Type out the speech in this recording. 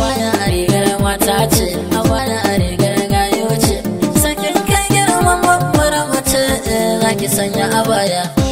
wani a rigar mata ce a wani a rigar gayo sakin kai girman babbar mace eh, za ki sanya a baya